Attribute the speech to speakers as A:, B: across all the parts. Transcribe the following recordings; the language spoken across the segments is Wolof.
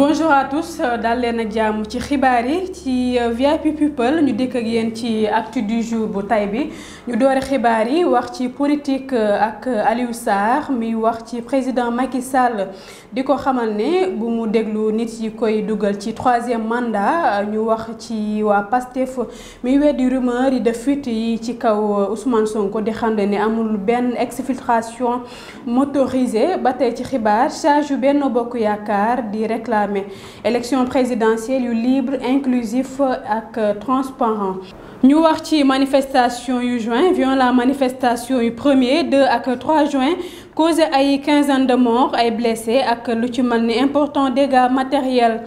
A: bonjour à tous euh, daal nous ci ci euh, VIP People ñu sommes ak ci du jour bu tay bi ñu doore xibaari wax ci politique euh, ak Aliou Sarr mi wax ci président Macky Sall diko xamal né bu mu déglu nit yi koy duggal ci troisième mandat ñu wax ci wa PASTEF mi a rumeur yi de fuite yi ci kaw Ousmane Sonko di sommes né amul exfiltration motorisée batay ci xibaar charge Benno Bokk yakar di élection présidentielle inclusives libre inclusif et transparent ñu wax une manifestation yu juin Vient la manifestation 1er 2 et 3 juin à 15 ans de morts et blessés et lu ci important dégâts matériels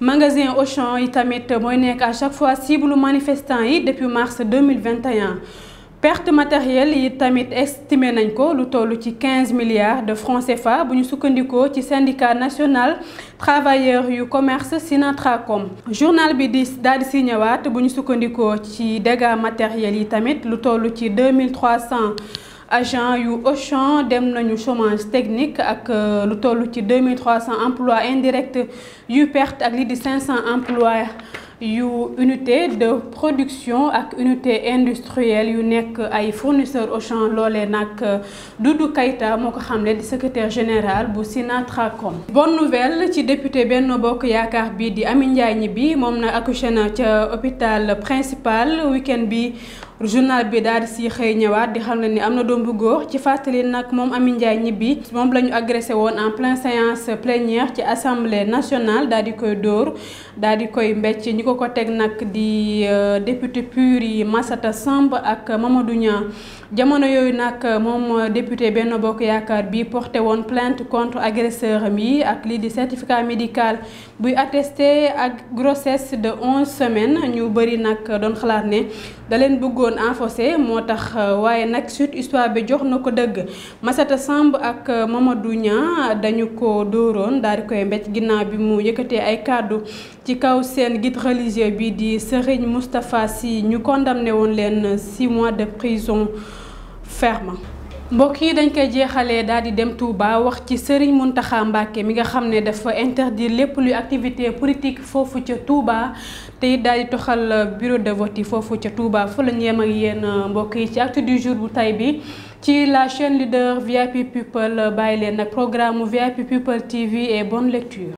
A: magasin Auchan champ tamit à chaque fois cible manifestant depuis mars 2021 perte matérielle yi tamit estimé nañ ko lu 15 milliards de francs CFA bu ñu ci syndicat national travailleurs yu commerce Sinatracom journal bi dis daal di si ñëwaat bu ci dégâts matériels yi tamit lu tollu ci 2300 agents yu Auchan dem nañu chômage technique ak euh, lu ci 2300 emplois indirects yu perte ak li di 500 emplois yu unité de production ak unité industrielle yu nekk ay fournisseur champ loolee nak euh, Doudou Kayta moko xamlé di secrétaire général bu Sinatracom bonne nouvelle ci député Benno Bokk yakar bi di Amy Ndiaye Gniby à na accouché na ci hôpital principal week-end bi journal bi daal di si xëy ñëwaat di xam ne ni am na doom bu góor ci fàttali nag moom amin Ndiaye ñibbi moom la ñu agressé woon en pleine séance plénière ci assemblée nationale daal di koy dóor daal di koy mbécc ñi ko ko teg nag di euh, député pur yi Massata Samb ak Mamadou Niang jamono yooyu nag moom député benn Bokk Yaakaar bi porté woon plainte contre agresseur mi ak lii di certificat médical buy attesté ak grossesse de onze semaines ñu bëri nag doon xalaat ne da leen bëggoon enfoncé moo tax euh, waaye nag suite histoire bi jox na ko dëgg Massata Samb ak euh, Mamadou Niang dañu ko dooroon daal di koy mbéj ginnaaw bi mu yëkkatee ay kàddu ci kaw seen guide religieux bi di Serigne Moustapha si ñu condamné woon leen six mois de prison ferme mbokk dañ koy jéxalé daal di dem Touba wax ci Serigne interdire activité politique fofu ca Touba bureau de vote fofu Touba la du jour la chaîne leader VIP People bayilé programme VIP People TV et bonne lecture.